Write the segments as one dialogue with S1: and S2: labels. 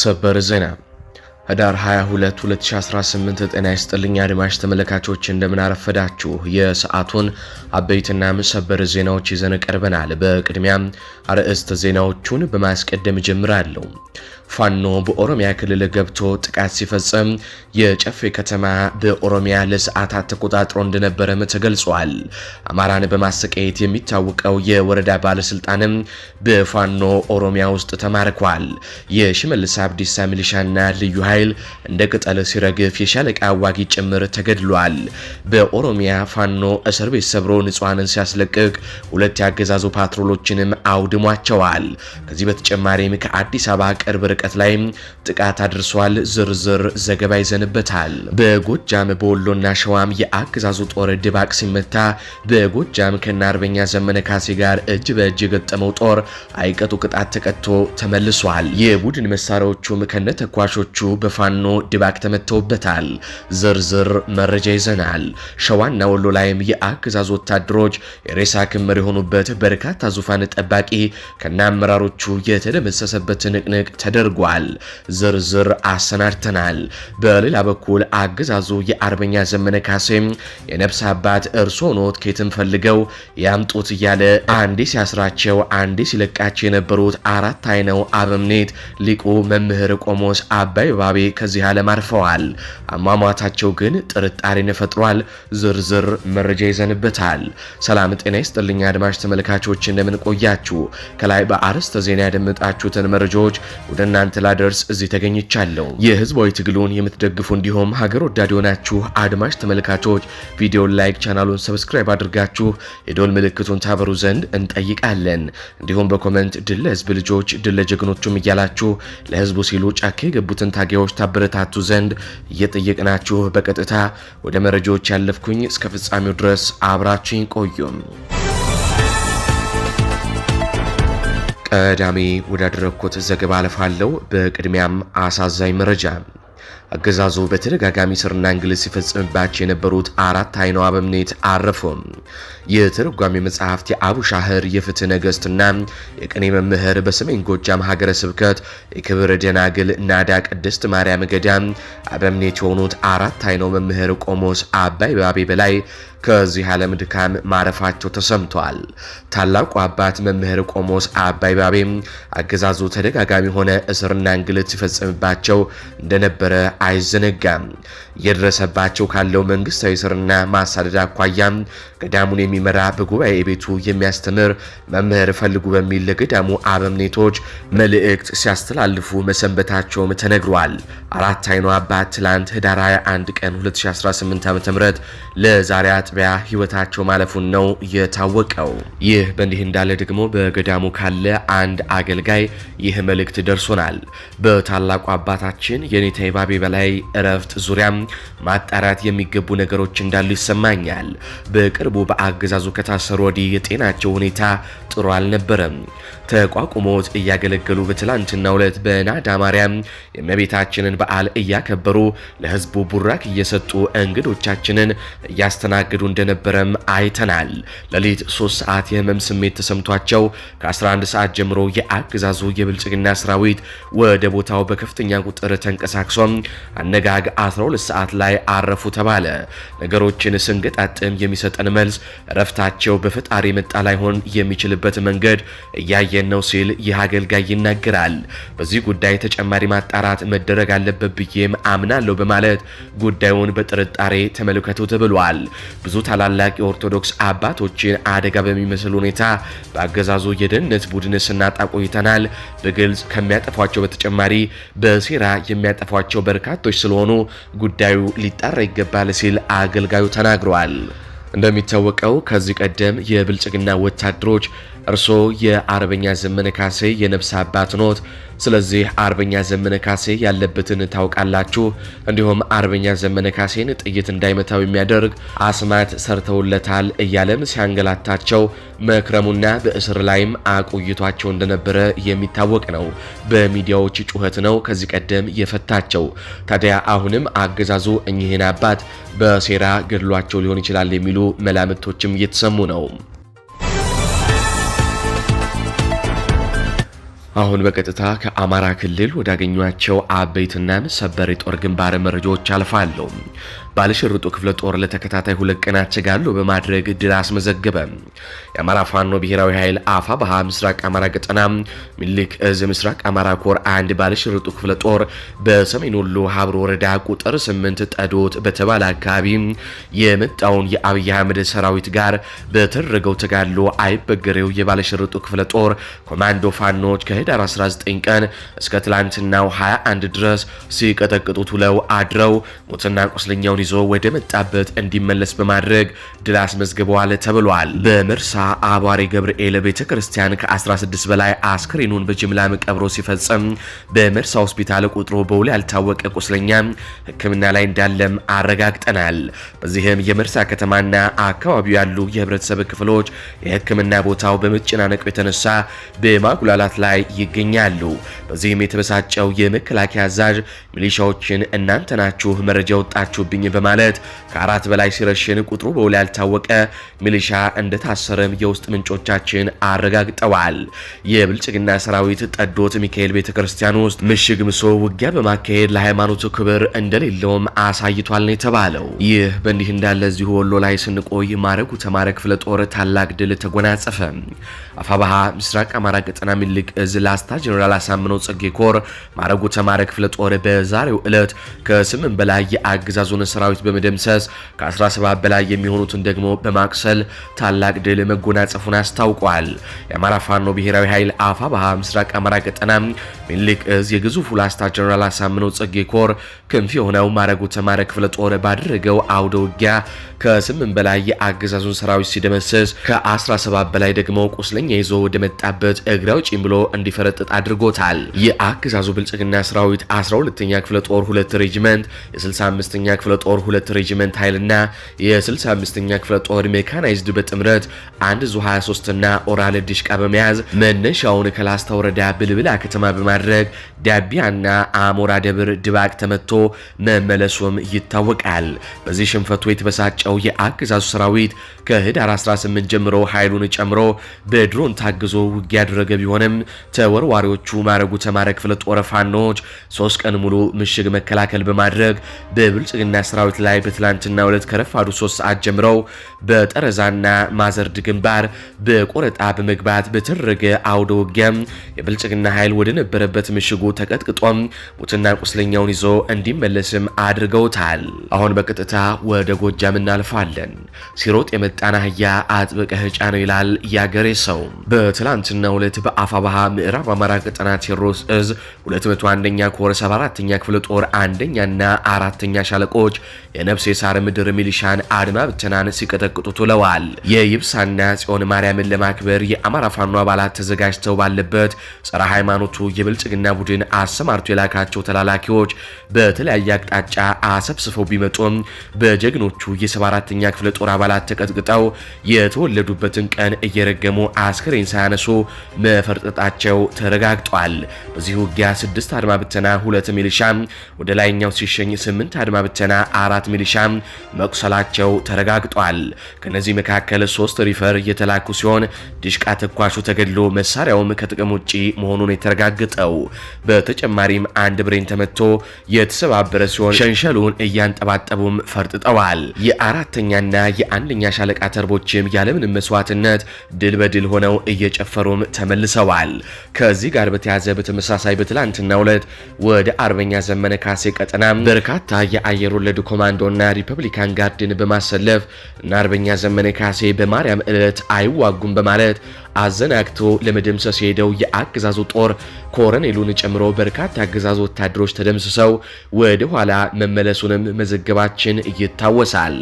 S1: ሰበር ዜና ህዳር 22 2018። ጤና ይስጥልኝ አድማጭ ተመልካቾች እንደምን አረፈዳችሁ። የሰዓቱን አበይትና ሰበር ዜናዎች ይዘን ቀርበናል። በቅድሚያም አርዕስተ ዜናዎቹን በማስቀደም ጀምራለሁ። ፋኖ በኦሮሚያ ክልል ገብቶ ጥቃት ሲፈጽም የጨፌ ከተማ በኦሮሚያ ለሰዓታት ተቆጣጥሮ እንደነበረም ተገልጿል። አማራን በማሰቃየት የሚታወቀው የወረዳ ባለስልጣንም በፋኖ ኦሮሚያ ውስጥ ተማርኳል። የሽመልስ አብዲሳ ሚሊሻና ልዩ ኃይል እንደ ቅጠል ሲረግፍ የሻለቃ አዋጊ ጭምር ተገድሏል። በኦሮሚያ ፋኖ እስር ቤት ሰብሮ ንጹሐንን ሲያስለቅቅ ሁለት ያገዛዙ ፓትሮሎችንም አውድሟቸዋል። ከዚህ በተጨማሪም ከአዲስ አበባ ቅርብ ርቀ ርቀት ላይ ጥቃት አድርሷል። ዝርዝር ዘገባ ይዘንበታል። በጎጃም በወሎና ሸዋም የአገዛዙ ጦር ድባቅ ሲመታ፣ በጎጃም ከነ አርበኛ ዘመነ ካሴ ጋር እጅ በእጅ የገጠመው ጦር አይቀጡ ቅጣት ተቀጥቶ ተመልሷል። የቡድን መሳሪያዎቹም ከነ ተኳሾቹ በፋኖ ድባቅ ተመተውበታል። ዝርዝር መረጃ ይዘናል። ሸዋና ወሎ ላይም የአገዛዙ ወታደሮች የሬሳ ክምር የሆኑበት በርካታ ዙፋን ጠባቂ ከነ አመራሮቹ የተደመሰሰበት ንቅንቅ ተደ ተደርጓል። ዝርዝር አሰናድተናል። በሌላ በኩል አገዛዙ የአርበኛ ዘመነ ካሴም የነፍስ አባት እርሶ ኖት ከየትም ፈልገው ያምጡት እያለ አንዴ ሲያስራቸው አንዴ ሲለቃቸው የነበሩት አራት አይነው አበምኔት ሊቁ መምህር ቆሞስ አባይ ባቤ ከዚህ ዓለም አርፈዋል። አሟሟታቸው ግን ጥርጣሬን ፈጥሯል። ዝርዝር መረጃ ይዘንበታል። ሰላም ጤና ይስጥልኛ አድማጭ ተመልካቾች እንደምን ቆያችሁ? ከላይ በአርዕስተ ዜና ያደመጣችሁትን መረጃዎች ወደ እናንተ ላደርስ እዚህ ተገኝቻለሁ። የህዝባዊ ትግሉን የምትደግፉ እንዲሁም ሀገር ወዳድ የሆናችሁ አድማጭ ተመልካቾች ቪዲዮን ላይክ፣ ቻናሉን ሰብስክራይብ አድርጋችሁ የዶል ምልክቱን ታበሩ ዘንድ እንጠይቃለን። እንዲሁም በኮመንት ድል ለህዝብ ልጆች ድል ለጀግኖቹም እያላችሁ ለህዝቡ ሲሉ ጫካ የገቡትን ታጋዮች ታበረታቱ ዘንድ እየጠየቅናችሁ በቀጥታ ወደ መረጃዎች ያለፍኩኝ እስከ ፍጻሜው ድረስ አብራችኝ ቆዩም። ቀዳሚ ወዳደረግኩት ዘገባ አልፋለሁ። በቅድሚያም አሳዛኝ መረጃ አገዛዙ በተደጋጋሚ ስርና እንግልት ሲፈጽምባቸው የነበሩት አራት አይነ አበምኔት አረፉ። የተረጓሚ መጽሐፍት የአቡሻህር የፍትህ ነገስትና የቅኔ መምህር በሰሜን ጎጃም ሀገረ ስብከት የክብር ደናግል ናዳ ቅድስት ማርያም ገዳም አበምኔት የሆኑት አራት አይነው መምህር ቆሞስ አባይ ባቤ በላይ ከዚህ ዓለም ድካም ማረፋቸው ተሰምቷል። ታላቁ አባት መምህር ቆሞስ አባይ ባቤ አገዛዙ ተደጋጋሚ ሆነ እስርና እንግልት ሲፈጸምባቸው እንደነበረ አይዘነጋም። እየደረሰባቸው ካለው መንግስታዊ ስርና ማሳደድ አኳያም ገዳሙን የሚመራ በጉባኤ ቤቱ የሚያስተምር መምህር ፈልጉ በሚል ለገዳሙ አበምኔቶች መልእክት ሲያስተላልፉ መሰንበታቸውም ተነግሯል። አራት አይኑ አባት ትላንት ህዳር 21 ቀን 2018 ዓ.ም ለዛሬ አጥቢያ ህይወታቸው ማለፉን ነው የታወቀው። ይህ በእንዲህ እንዳለ ደግሞ በገዳሙ ካለ አንድ አገልጋይ ይህ መልእክት ደርሶናል። በታላቁ አባታችን የኔታ ይባቤ በላይ እረፍት ዙሪያም ማጣራት የሚገቡ ነገሮች እንዳሉ ይሰማኛል። በቅርቡ በአገዛዙ ከታሰሩ ወዲህ የጤናቸው ሁኔታ ጥሩ አልነበረም። ተቋቁሞት እያገለገሉ በትላንትናው ዕለት በናዳ ማርያም የእመቤታችንን በዓል እያከበሩ ለህዝቡ ቡራክ እየሰጡ እንግዶቻችንን እያስተናገዱ እንደነበረም አይተናል። ሌሊት 3 ሰዓት የህመም ስሜት ተሰምቷቸው ከ11 ሰዓት ጀምሮ የአገዛዙ የብልጽግና ሰራዊት ወደ ቦታው በከፍተኛ ቁጥር ተንቀሳቅሶም አነጋግ 12 ሰዓት ላይ አረፉ ተባለ። ነገሮችን ስንገጣጥም የሚሰጠን መልስ እረፍታቸው በፈጣሪ መጣ ላይሆን የሚችልበት መንገድ እያየን ነው ሲል ይህ አገልጋይ ይናገራል። በዚህ ጉዳይ ተጨማሪ ማጣራት መደረግ አለበት ብዬም አምናለሁ በማለት ጉዳዩን በጥርጣሬ ተመልከቱ ተብሏል። ብዙ ታላላቅ የኦርቶዶክስ አባቶችን አደጋ በሚመስል ሁኔታ በአገዛዙ የደህንነት ቡድን ስናጣ ቆይተናል። በግልጽ ከሚያጠፏቸው በተጨማሪ በሴራ የሚያጠፏቸው በርካቶች ስለሆኑ ጉዳይ ጉዳዩ ሊጣራ ይገባል ሲል አገልጋዩ ተናግረዋል። እንደሚታወቀው ከዚህ ቀደም የብልጽግና ወታደሮች እርሶ የአርበኛ ዘመነ ካሴ የነፍስ አባት ኖት። ስለዚህ አርበኛ ዘመነ ካሴ ያለበትን ታውቃላችሁ። እንዲሁም አርበኛ ዘመነ ካሴን ጥይት እንዳይመታው የሚያደርግ አስማት ሰርተውለታል እያለም ሲያንገላታቸው መክረሙና በእስር ላይም አቆይቷቸው እንደነበረ የሚታወቅ ነው። በሚዲያዎች ጩኸት ነው ከዚህ ቀደም የፈታቸው። ታዲያ አሁንም አገዛዙ እኚህን አባት በሴራ ገድሏቸው ሊሆን ይችላል የሚሉ መላምቶችም እየተሰሙ ነው። አሁን በቀጥታ ከአማራ ክልል ወዳገኟቸው አበይትና ሰበር የጦር ግንባር መረጃዎች አልፋለሁ። ባለሽርጡ ክፍለ ጦር ለተከታታይ ሁለት ቀናት ችጋሎ በማድረግ ድል አስመዘገበ። የአማራ ፋኖ ብሔራዊ ኃይል አፋ ባህ ምስራቅ አማራ ገጠና ሚልክ እዝ ምስራቅ አማራ ኮር አንድ ባለሽርጡ ክፍለ ጦር በሰሜን ወሎ ሀብሮ ወረዳ ቁጥር 8 ጠዶት በተባለ አካባቢ የመጣውን የአብይ አህመድ ሰራዊት ጋር በተደረገው ተጋድሎ አይበገሬው የባለሽርጡ ክፍለ ጦር ኮማንዶ ፋኖች ከህዳር 19 ቀን እስከ ትላንትናው 21 ድረስ ሲቀጠቅጡት ውለው አድረው ሞትና ቁስለኛውን ይዞ ወደ መጣበት እንዲመለስ በማድረግ ድል አስመዝግበዋል ተብሏል። በምርሳ አቧሬ ገብርኤል ቤተ ክርስቲያን ከ16 በላይ አስክሬኑን በጅምላ መቀብሮ ሲፈጽም በምርሳ ሆስፒታል ቁጥሩ በውል ያልታወቀ ቁስለኛ ሕክምና ላይ እንዳለም አረጋግጠናል። በዚህም የምርሳ ከተማና አካባቢው ያሉ የህብረተሰብ ክፍሎች የሕክምና ቦታው በመጨናነቁ የተነሳ በማጉላላት ላይ ይገኛሉ። በዚህም የተበሳጨው የመከላከያ አዛዥ ሚሊሻዎችን እናንተ ናችሁ መረጃ ወጣችሁብኝ በማለት ከአራት በላይ ሲረሽን ቁጥሩ በውል ያልታወቀ ሚሊሻ እንደታሰረም የውስጥ ምንጮቻችን አረጋግጠዋል። የብልጽግና ሰራዊት ጠዶት ሚካኤል ቤተክርስቲያን ውስጥ ምሽግ ምሶ ውጊያ በማካሄድ ለሃይማኖቱ ክብር እንደሌለውም አሳይቷል ነው የተባለው። ይህ በእንዲህ እንዳለ እዚሁ ወሎ ላይ ስንቆይ ማረጉ ተማረ ክፍለ ጦር ታላቅ ድል ተጎናጸፈ። አፋባሃ ምስራቅ አማራ ቀጠና ሚልቅ እዝ ላስታ ጀኔራል አሳምነው ጽጌ ኮር ማረጉ ተማረ ክፍለ ጦር በዛሬው ዕለት ከስምንት በላይ የአገዛዙን ስራ ሰራዊት በመደምሰስ ከ17 በላይ የሚሆኑትን ደግሞ በማቁሰል ታላቅ ድል መጎናጸፉን አስታውቋል። የአማራ ፋኖ ብሔራዊ ኃይል አፋ ባህ ምስራቅ አማራ ገጠና ሚኒሊክ እዝ የግዙፉ ላስታ ጀነራል አሳምነው ጽጌ ኮር ክንፍ የሆነው ማረጉ ተማረ ክፍለ ጦር ባደረገው አውደ ውጊያ ከ8 በላይ የአገዛዙን ሰራዊት ሲደመሰስ ከ17 በላይ ደግሞ ቁስለኛ ይዞ ወደመጣበት እግረ አውጪኝ ብሎ እንዲፈረጥጥ አድርጎታል። የአገዛዙ ብልጽግና ሰራዊት 12ኛ ክፍለ ጦር 2 ሬጅመንት የ65ኛ ክፍለ ጦር ጦር ሁለት ሬጂመንት ኃይልና የ65ኛ ክፍለ ጦር ሜካናይዝድ በጥምረት አንድ ዙ 23ና ኦራል ዲሽቃ በመያዝ መነሻውን ከላስታ ወረዳ ብልብላ ከተማ በማድረግ ዳቢያና አሞራ ደብር ድባቅ ተመቶ መመለሱም ይታወቃል። በዚህ ሽንፈቱ የተበሳጨው የአገዛዙ ሰራዊት ከህዳር 18 ጀምሮ ኃይሉን ጨምሮ በድሮን ታግዞ ውጊ ያደረገ ቢሆንም ተወርዋሪዎቹ ማረጉ ተማረ ክፍለ ጦር ፋኖች ሶስት ቀን ሙሉ ምሽግ መከላከል በማድረግ በብልጽግና ሰራዊት ላይ በትላንትና ሁለት ከረፋዱ ሶስት ሰዓት ጀምረው በጠረዛና ማዘርድ ግንባር በቆረጣ በመግባት በተደረገ አውደ ውጊያም የብልጽግና ኃይል ወደ ነበረበት ምሽጉ ተቀጥቅጦም ሙትና ቁስለኛውን ይዞ እንዲመለስም አድርገውታል። አሁን በቀጥታ ወደ ጎጃም እናልፋለን። ሲሮጥ የመጣን አህያ አጥብቀህ ጫነው ይላል ያገሬ ሰው። በትላንትናው ዕለት በአፋባሃ ምዕራብ አማራ ቀጠና ቴዎድሮስ እዝ 201ኛ ኮር 74ኛ ክፍለ ጦር አንደኛና አራተኛ ሻለቆች የነፍስ የሳር ምድር ሚሊሻን አድማ ብተናን ሲቀጠቅጡ ውለዋል። የይብሳና ጽዮን ማርያምን ለማክበር የአማራ ፋኖ አባላት ተዘጋጅተው ባለበት ጸረ ሃይማኖቱ የብልጽግና ቡድን አሰማርቶ የላካቸው ተላላኪዎች በተለያየ አቅጣጫ አሰብስፈው ቢመጡም በጀግኖቹ የ74ኛ ክፍለ ጦር አባላት ተቀጥቅጠው አምልጠው የተወለዱበትን ቀን እየረገሙ አስክሬን ሳያነሱ መፈርጠጣቸው ተረጋግጧል። በዚህ ውጊያ ስድስት አድማ ብተና፣ ሁለት ሚሊሻ ወደ ላይኛው ሲሸኝ ስምንት አድማ ብተና፣ አራት ሚሊሻ መቁሰላቸው ተረጋግጧል። ከነዚህ መካከል ሶስት ሪፈር የተላኩ ሲሆን ድሽቃ ተኳሹ ተገድሎ መሳሪያውም ከጥቅም ውጪ መሆኑን የተረጋገጠው። በተጨማሪም አንድ ብሬን ተመቶ የተሰባበረ ሲሆን ሸንሸሉን እያንጠባጠቡም ፈርጥጠዋል። የአራተኛና የአንደኛ ሻለ ሻለቃ ተርቦችም ያለምንም መስዋዕትነት ድል በድል ሆነው እየጨፈሩም ተመልሰዋል። ከዚህ ጋር በተያያዘ በተመሳሳይ በትላንትና ሁለት ወደ አርበኛ ዘመነ ካሴ ቀጠና በርካታ የአየር ወለድ ኮማንዶና ሪፐብሊካን ጋርድን በማሰለፍ እና አርበኛ ዘመነ ካሴ በማርያም ዕለት አይዋጉም በማለት አዘናግቶ ለመደምሰስ የሄደው የአገዛዙ ጦር ኮረኔሉን ጨምሮ በርካታ የአገዛዙ ወታደሮች ተደምስሰው ወደ ኋላ መመለሱንም መዘገባችን ይታወሳል።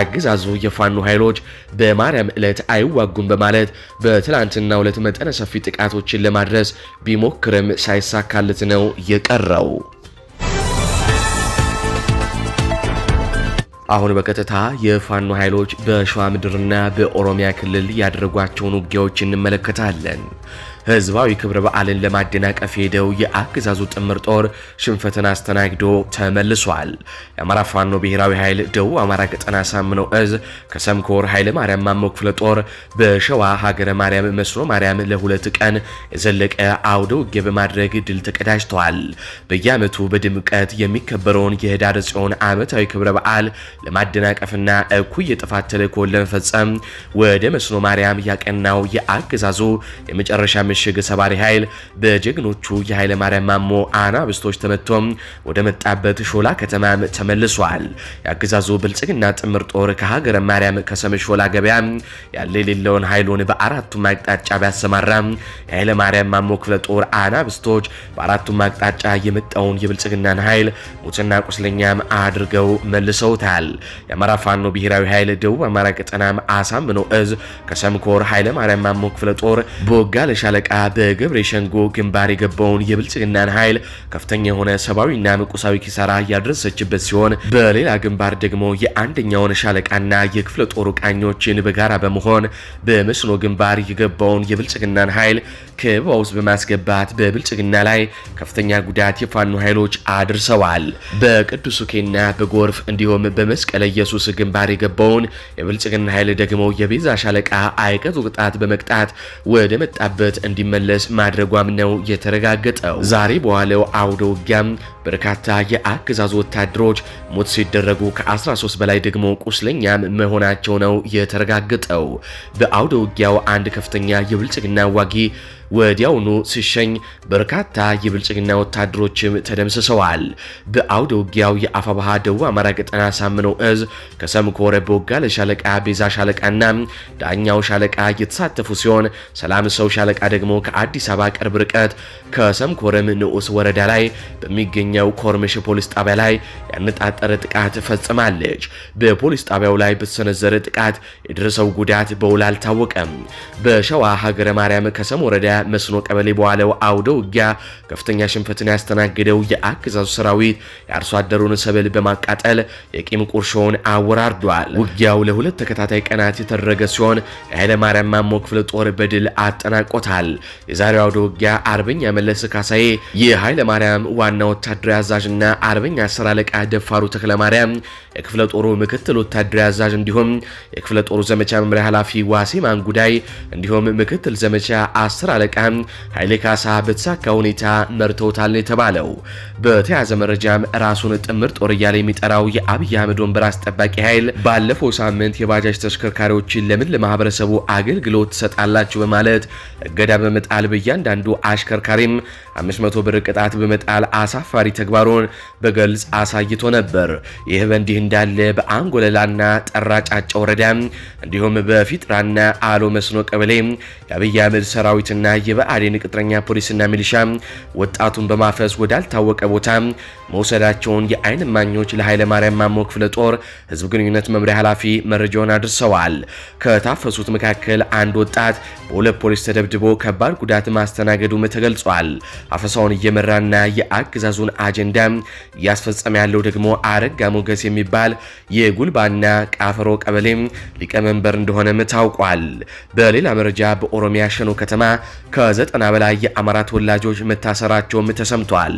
S1: አገዛዙ የፋኖ ኃይሎች በማርያም ዕለት አይዋጉም በማለት በትላንትናው ዕለት መጠነ ሰፊ ጥቃቶችን ለማድረስ ቢሞክርም ሳይሳካለት ነው የቀረው። አሁን በቀጥታ የፋኖ ኃይሎች በሸዋ ምድርና በኦሮሚያ ክልል ያደረጓቸውን ውጊያዎች እንመለከታለን። ህዝባዊ ክብረ በዓልን ለማደናቀፍ ሄደው የአገዛዙ ጥምር ጦር ሽንፈትን አስተናግዶ ተመልሷል። የአማራ ፋኖ ብሔራዊ ኃይል ደቡብ አማራ ቀጠና ሳምነው እዝ ከሰምኮር ኃይለ ማርያም ማሞ ክፍለ ጦር በሸዋ ሀገረ ማርያም መስኖ ማርያም ለሁለት ቀን የዘለቀ አውደ ውጊያ በማድረግ ድል ተቀዳጅተዋል። በየዓመቱ በድምቀት የሚከበረውን የህዳር ጽዮን ዓመታዊ ክብረ በዓል ለማደናቀፍና እኩይ የጥፋት ተልእኮን ለመፈጸም ወደ መስኖ ማርያም ያቀናው የአገዛዙ የመጨረሻ ምሽግ ሰባሪ ኃይል በጀግኖቹ የኃይለ ማርያም ማሞ አናብስቶች ተመቶ ወደ መጣበት ሾላ ከተማ ተመልሷል። የአገዛዙ ብልጽግና ጥምር ጦር ከሀገረ ማርያም ከሰም ሾላ ገበያ ያለ የሌለውን ኃይሉን በአራቱም አቅጣጫ ቢያሰማራ የኃይለ ማርያም ማሞ ክፍለ ጦር አናብስቶች በአራቱም አቅጣጫ የመጣውን የብልጽግናን ኃይል ሙትና ቁስለኛም አድርገው መልሰውታል። የአማራ ፋኖ ብሔራዊ ኃይል ደቡብ አማራ ቀጠናም አሳምነው እዝ ከሰምኮር ኃይለ ማርያም ማሞ ክፍለ ጦር በወጋ ለሻለ ሻለቃ በግብረ ሸንጎ ግንባር የገባውን የብልጽግናን ኃይል ከፍተኛ የሆነ ሰብአዊና ቁሳዊ ኪሳራ ያደረሰችበት ሲሆን በሌላ ግንባር ደግሞ የአንደኛውን ሻለቃና የክፍለ ጦሩ ቃኞችን በጋራ በመሆን በመስኖ ግንባር የገባውን የብልጽግናን ኃይል ከበባ ውስጥ በማስገባት በብልጽግና ላይ ከፍተኛ ጉዳት የፋኑ ኃይሎች አድርሰዋል። በቅዱስ ኬና በጎርፍ እንዲሁም በመስቀለ ኢየሱስ ግንባር የገባውን የብልጽግና ኃይል ደግሞ የቤዛ ሻለቃ አይቀጡ ቅጣት በመቅጣት ወደ መጣበት እንዲመለስ ማድረጓም ነው የተረጋገጠው። ዛሬ በዋለው አውደ ውጊያም በርካታ የአገዛዙ ወታደሮች ሞት ሲደረጉ ከ13 በላይ ደግሞ ቁስለኛም መሆናቸው ነው የተረጋገጠው። በአውደ ውጊያው አንድ ከፍተኛ የብልጽግና ዋጊ ወዲያውኑ ሲሸኝ በርካታ የብልጽግና ወታደሮችም ተደምስሰዋል። በአውደ ውጊያው የአፋባሃ ደቡብ አማራ ቀጠና ሳምነው እዝ ከሰምኮረ በወጋለ ሻለቃ፣ ቤዛ ሻለቃና ዳኛው ሻለቃ የተሳተፉ ሲሆን ሰላም ሰው ሻለቃ ደግሞ ከአዲስ አበባ ቅርብ ርቀት ከሰምኮረም ንዑስ ወረዳ ላይ በሚገኘው ኮርምሽ ፖሊስ ጣቢያ ላይ ያነጣጠረ ጥቃት ፈጽማለች። በፖሊስ ጣቢያው ላይ በተሰነዘረ ጥቃት የደረሰው ጉዳት በውል አልታወቀም። በሸዋ ሀገረ ማርያም ከሰም ወረዳ መስኖ ቀበሌ በዋለው አውደ ውጊያ ከፍተኛ ሽንፈትን ያስተናገደው የአገዛዙ ሰራዊት የአርሶ አደሩን ሰብል በማቃጠል የቂም ቁርሾውን አወራርዷል። ውጊያው ለሁለት ተከታታይ ቀናት የተደረገ ሲሆን የኃይለ ማርያም ማሞ ክፍለ ጦር በድል አጠናቆታል። የዛሬው አውደ ውጊያ አርበኛ መለስ ካሳዬ የኃይለ ማርያም ዋና ወታደራዊ አዛዥና አርበኛ አስር አለቃ ደፋሩ ተክለ ማርያም የክፍለ ጦሩ ምክትል ወታደራዊ አዛዥ እንዲሁም የክፍለ ጦሩ ዘመቻ መምሪያ ኃላፊ ዋሴ ማንጉዳይ እንዲሁም ምክትል ዘመቻ አስር አለቃ ሻለቃ ኃይሌ ካሳ በተሳካ ሁኔታ መርተውታል የተባለው። በተያዘ መረጃም ራሱን ጥምር ጦር እያለ የሚጠራው የአብይ አህመድ ወንበር አስጠባቂ ኃይል ባለፈው ሳምንት የባጃጅ ተሽከርካሪዎችን ለምን ለማህበረሰቡ አገልግሎት ትሰጣላችሁ በማለት እገዳ በመጣል በእያንዳንዱ አሽከርካሪም 500 ብር ቅጣት በመጣል አሳፋሪ ተግባሩን በግልጽ አሳይቶ ነበር። ይህ በእንዲህ እንዳለ በአንጎለላና ጠራ ጫጫ ወረዳ እንዲሁም በፊጥራና አሎ መስኖ ቀበሌ የአብይ አህመድ ሰራዊትና የበአዴን ቅጥረኛ ፖሊስና ሚሊሻ ወጣቱን በማፈስ ወዳልታወቀ ቦታ መውሰዳቸውን የአይን ማኞች ለኃይለ ማርያም ማሞ ክፍለ ጦር ህዝብ ግንኙነት መምሪያ ኃላፊ መረጃውን አድርሰዋል። ከታፈሱት መካከል አንድ ወጣት በሁለት ፖሊስ ተደብድቦ ከባድ ጉዳት ማስተናገዱም ተገልጿል። አፈሳውን እየመራና የአገዛዙን አጀንዳ እያስፈጸመ ያለው ደግሞ አረጋ ሞገስ የሚባል የጉልባና ቃፈሮ ቀበሌ ሊቀመንበር እንደሆነም ታውቋል። በሌላ መረጃ በኦሮሚያ ሸኖ ከተማ ከዘጠና በላይ የአማራ ተወላጆች መታሰራቸውም ተሰምቷል።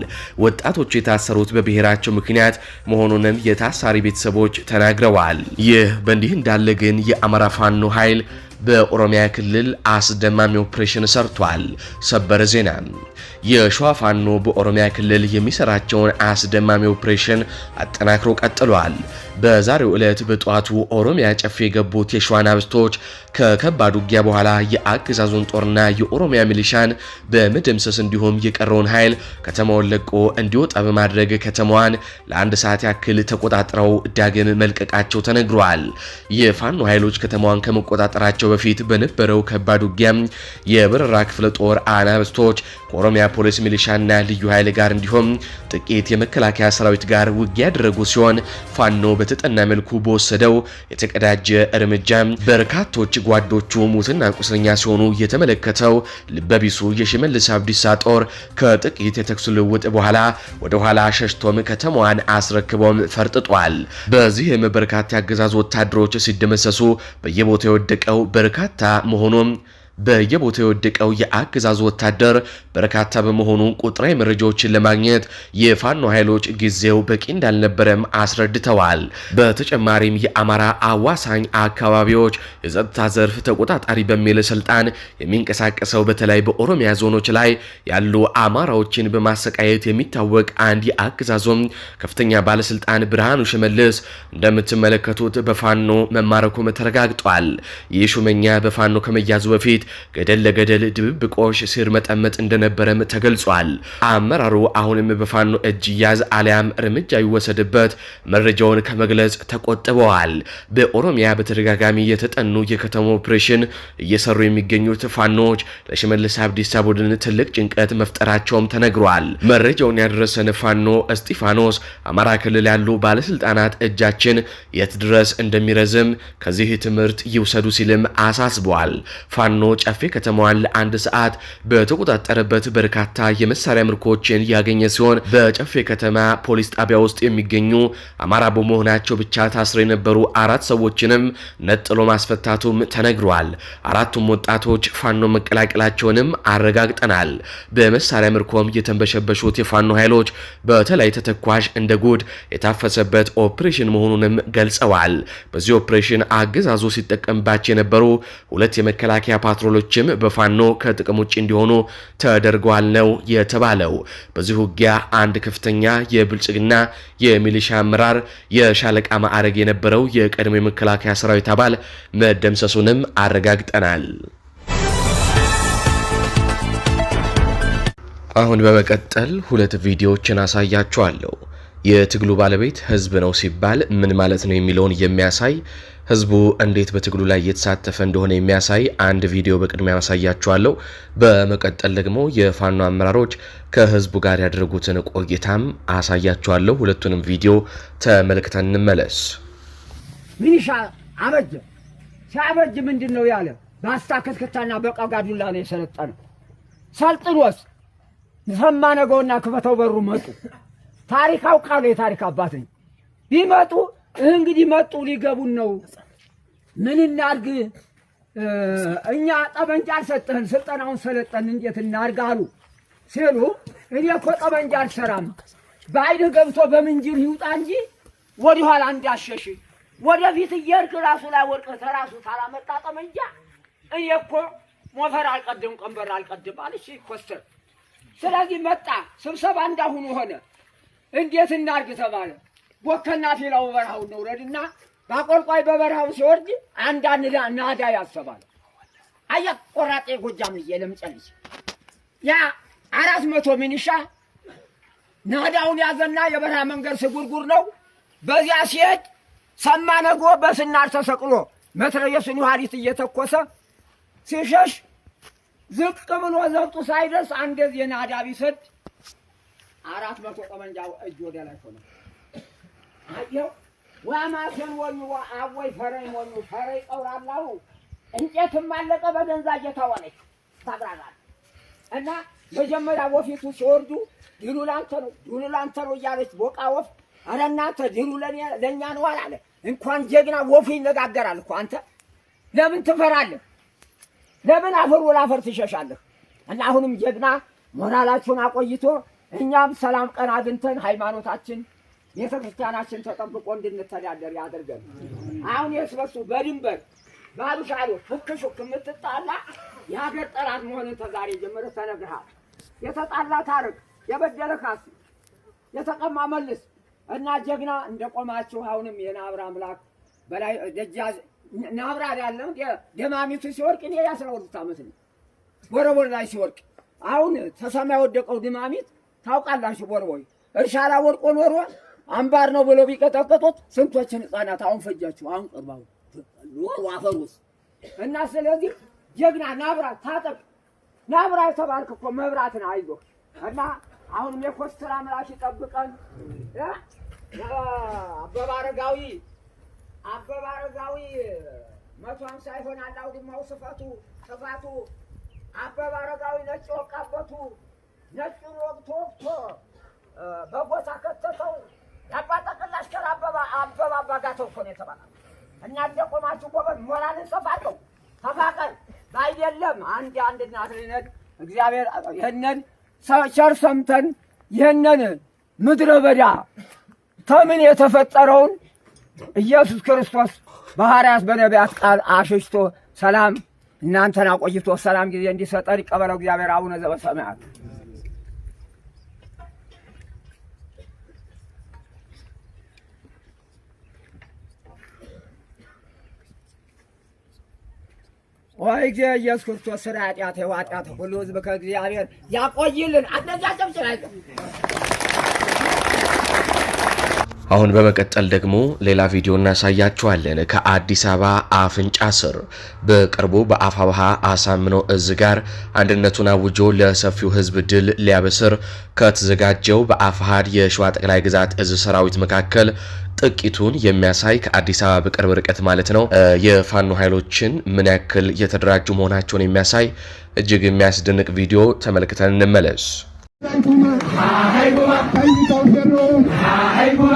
S1: ወጣቶቹ የታሰሩት በብሔራቸው ምክንያት መሆኑንም የታሳሪ ቤተሰቦች ተናግረዋል። ይህ በእንዲህ እንዳለ ግን የአማራ ፋኖ ኃይል በኦሮሚያ ክልል አስደማሚ ኦፕሬሽን ሰርቷል። ሰበር ዜና የሸዋ ፋኖ በኦሮሚያ ክልል የሚሰራቸውን አስደማሚ ኦፕሬሽን አጠናክሮ ቀጥሏል። በዛሬው ዕለት በጠዋቱ ኦሮሚያ ጨፌ የገቡት የሸዋ ናብስቶች ከከባድ ውጊያ በኋላ የአገዛዙን ጦርና የኦሮሚያ ሚሊሻን በመደምሰስ እንዲሁም የቀረውን ኃይል ከተማውን ለቆ እንዲወጣ በማድረግ ከተማዋን ለአንድ ሰዓት ያክል ተቆጣጥረው ዳግም መልቀቃቸው ተነግሯል። የፋኖ ኃይሎች ከተማዋን ከመቆጣጠራቸው በፊት በነበረው ከባድ ውጊያ የበረራ ክፍለ ጦር አናብስቶች ከኦሮሚያ ፖሊስ ሚሊሻና ልዩ ኃይል ጋር እንዲሁም ጥቂት የመከላከያ ሰራዊት ጋር ውጊያ ያደረጉ ሲሆን ፋኖ በተጠና መልኩ በወሰደው የተቀዳጀ እርምጃ በርካቶች ጓዶቹ ሙትና ቁስለኛ ሲሆኑ የተመለከተው ልበቢሱ የሽመልስ አብዲሳ ጦር ከጥቂት የተኩስ ልውውጥ በኋላ ወደ ኋላ ሸሽቶም ከተማዋን አስረክቦም ፈርጥጧል። በዚህም በርካታ ያገዛዙ ወታደሮች ሲደመሰሱ በየቦታው የወደቀው በርካታ መሆኑም በየቦታው የወደቀው የአገዛዙ ወታደር በርካታ በመሆኑ ቁጥራዊ መረጃዎችን ለማግኘት የፋኖ ኃይሎች ጊዜው በቂ እንዳልነበረም አስረድተዋል። በተጨማሪም የአማራ አዋሳኝ አካባቢዎች የጸጥታ ዘርፍ ተቆጣጣሪ በሚል ስልጣን የሚንቀሳቀሰው በተለይ በኦሮሚያ ዞኖች ላይ ያሉ አማራዎችን በማሰቃየት የሚታወቅ አንድ የአገዛዞም ከፍተኛ ባለስልጣን ብርሃኑ ሽመልስ እንደምትመለከቱት በፋኖ መማረኩም ተረጋግጧል። ይህ ሹመኛ በፋኖ ከመያዙ በፊት ድርጊት ገደል ለገደል ድብብቆሽ ስር መጠመጥ እንደነበረም ተገልጿል። አመራሩ አሁንም በፋኖ እጅ ያዝ አሊያም እርምጃ ይወሰድበት መረጃውን ከመግለጽ ተቆጥበዋል። በኦሮሚያ በተደጋጋሚ የተጠኑ የከተማ ኦፕሬሽን እየሰሩ የሚገኙት ፋኖዎች ለሽመልስ አብዲሳ ቡድን ትልቅ ጭንቀት መፍጠራቸውም ተነግሯል። መረጃውን ያደረሰን ፋኖ እስጢፋኖስ አማራ ክልል ያሉ ባለስልጣናት እጃችን የት ድረስ እንደሚረዝም ከዚህ ትምህርት ይውሰዱ ሲልም አሳስቧል። ፋኖ ጨፌ ከተማዋን ለአንድ ሰዓት በተቆጣጠረበት በርካታ የመሳሪያ ምርኮችን ያገኘ ሲሆን በጨፌ ከተማ ፖሊስ ጣቢያ ውስጥ የሚገኙ አማራ በመሆናቸው ብቻ ታስረው የነበሩ አራት ሰዎችንም ነጥሎ ማስፈታቱም ተነግሯል። አራቱም ወጣቶች ፋኖ መቀላቀላቸውንም አረጋግጠናል። በመሳሪያ ምርኮም የተንበሸበሹት የፋኖ ኃይሎች በተለይ ተተኳሽ እንደ ጉድ የታፈሰበት ኦፕሬሽን መሆኑንም ገልጸዋል። በዚህ ኦፕሬሽን አገዛዙ ሲጠቀምባቸው የነበሩ ሁለት የመከላከያ ፓትሮ ፓትሮሎችም በፋኖ ከጥቅም ውጭ እንዲሆኑ ተደርጓል ነው የተባለው። በዚሁ ውጊያ አንድ ከፍተኛ የብልጽግና የሚሊሻ አመራር የሻለቃ ማዕረግ የነበረው የቀድሞ የመከላከያ ሰራዊት አባል መደምሰሱንም አረጋግጠናል። አሁን በመቀጠል ሁለት ቪዲዮዎችን አሳያችኋለሁ። የትግሉ ባለቤት ህዝብ ነው ሲባል ምን ማለት ነው የሚለውን የሚያሳይ ህዝቡ እንዴት በትግሉ ላይ እየተሳተፈ እንደሆነ የሚያሳይ አንድ ቪዲዮ በቅድሚያ ያሳያችኋለሁ። በመቀጠል ደግሞ የፋኖ አመራሮች ከህዝቡ ጋር ያደረጉትን ቆይታም አሳያችኋለሁ። ሁለቱንም ቪዲዮ ተመልክተን እንመለስ።
S2: ሚኒሻ አበጀ። ሲያበጅ ምንድን ነው ያለ? በአስታ ክትክታና በቀጋዱላ ነው የሰለጠነው። ሰልጥኖስ ሰማ ነገውና ክፈተው በሩ መጡ። ታሪክ አውቃለሁ፣ የታሪክ አባት ነኝ። ቢመጡ እንግዲህ መጡ፣ ሊገቡን ነው። ምን እናርግ? እኛ ጠመንጃ አልሰጠህን፣ ስልጠናውን ሰለጠን፣ እንዴት እናርግ አሉ ሲሉ እኔ እኮ ጠመንጃ አልሰራም፣ በአይንህ ገብቶ በምንጅር ይውጣ እንጂ ወደኋላ እንዳሸሽ ወደፊት እየሄድክ ራሱ ላይ ወድቀህ ተራሱ ታላመጣ ጠመንጃ እኔ እኮ ሞፈር አልቀድም ቀንበር አልቀድም አለች ኮስተር። ስለዚህ መጣ ስብሰባ እንዳሁኑ ሆነ። እንዴት እናርግ ተባለ። ቦከና ፊላው በረሃውን ነውረድና በአቆልቋይ በበረሃው ሲወርድ አንዳንድ ናዳ ያሰባል። አያ ቆራጤ ጎጃም ልዬ ለምጨልስ ያ አራት መቶ ሚኒሻ ናዳውን ያዘና የበረሃ መንገድ ስጉርጉር ነው። በዚያ ሲሄድ ሰማ ነጎ በስናር ተሰቅሎ መትረየሱን ዮሐንስ እየተኮሰ ሲሸሽ ዝቅ ብሎ ዘብጡ ሳይደርስ አንደዚህ ናዳ ቢሰድ አራት መቶ ጠመንጃ እጅ ወደ ላይ ሆነ። አየው ዋማሴን ወኙ አወይ ፈረኝ ወኙ ቀውራላሁ እንጨትም አለቀ በገንዛ እና መጀመሪያ ወፊቱ ሲወርዱ ድሉ ላንተ ነው፣ ድሉ ላንተ ነው እያለች ቦቃ ወፍ እናንተ ድሉ ለእኛ ነው አላለ። እንኳን ጀግና ወፍ ይነጋገራል እኮ አንተ ለምን ትፈራለህ? ለምን አፈር አፈር ትሸሻለህ? እና አሁንም ጀግና ሞራላችሁን አቆይቶ እኛም ሰላም ቀን አግኝተን ሃይማኖታችን ቤተ ክርስቲያናችን ተጠብቆ እንድንተዳደር ያደርገን። አሁን የስበሱ በድንበር ባሉሻሉ ሹክ ሹክ የምትጣላ የሀገር ጠላት መሆንን ተዛሬ ጀምሮ ተነግርሃል። የተጣላ ታርቅ፣ የበደለ ካስ፣ የተቀማ መልስ እና ጀግና እንደቆማችሁ አሁንም የናብራ አምላክ በላይ ደጃዝ ናብራ ያለው ደማሚቱ ሲወርቅ እኔ የአስራ ሁለት ዓመት ነው ቦረቦር ላይ ሲወርቅ አሁን ተሰማይ ወደቀው ድማሚት ታውቃላችሁ። ቦርቦይ እርሻ ላይ ወድቆ ኖሮ አምባር ነው ብለው ቢቀጠቀጡት ስንቶችን ህፃናት አሁን ፈጃችሁ። አሁን ቅርባው አፈር ውስጥ እና ስለዚህ ጀግና ናብራ ታጠቅ ናብራ የተባልክ እኮ መብራት ነው። አይዞህ እና አሁንም የኮስተራ ምላሽ ይጠብቀን። አበባ አረጋዊ አበባ አረጋዊ መቷም ሳይሆን አላው ድማው ስፋቱ ስፋቱ አበባ አረጋዊ ነጭ ወቃበቱ ነጭ ወቅት ወቅቶ በቦታ ከተተው ያቋጠቅላሽ ከራ አበባ አባጋተው እኮ ነው የተባለ። እኛ እንደቆማችሁ ጎበዝ ሞራል እንጽፋለሁ። ተፋቀር ባየለም አንድ አንድና አድሪነን እግዚአብሔር ይህንን ቸር ሰምተን ይህንን ምድረ በዳ ተምን የተፈጠረውን ኢየሱስ ክርስቶስ በሐዋርያት በነቢያት ቃል አሸሽቶ ሰላም እናንተን አቆይቶ ሰላም ጊዜ እንዲሰጠን ይቀበለው እግዚአብሔር አቡነ ዘበሰማያት ወይ ጊዜ ኢየሱስ ክርስቶስ ስራ ኃጢአት ኃጢአት ሁሉ ህዝብ ከእግዚአብሔር ያቆይልን። አነዛ ሰብስራ
S1: አሁን በመቀጠል ደግሞ ሌላ ቪዲዮ እናሳያችኋለን። ከአዲስ አበባ አፍንጫ ስር በቅርቡ በአፋብሃ አሳምኖ እዝ ጋር አንድነቱን አውጆ ለሰፊው ሕዝብ ድል ሊያበስር ከተዘጋጀው በአፋሃድ የሸዋ ጠቅላይ ግዛት እዝ ሰራዊት መካከል ጥቂቱን የሚያሳይ ከአዲስ አበባ በቅርብ ርቀት ማለት ነው የፋኖ ኃይሎችን ምን ያክል የተደራጁ መሆናቸውን የሚያሳይ እጅግ የሚያስደንቅ ቪዲዮ ተመልክተን እንመለስ።
S2: Bye.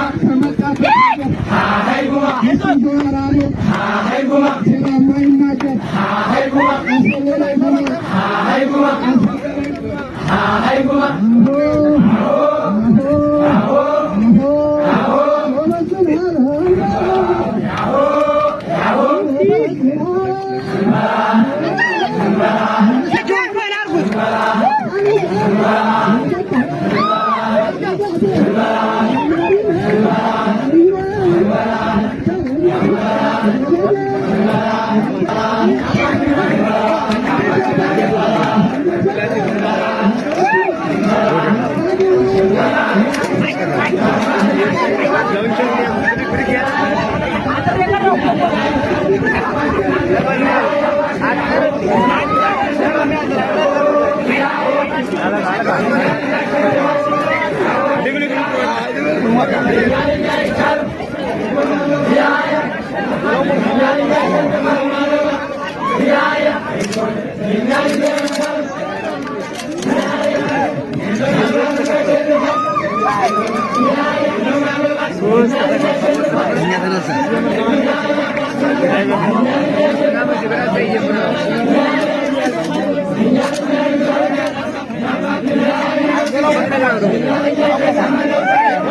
S2: you.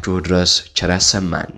S1: እስክንገናኛችሁ ድረስ ቸር ያሰማን።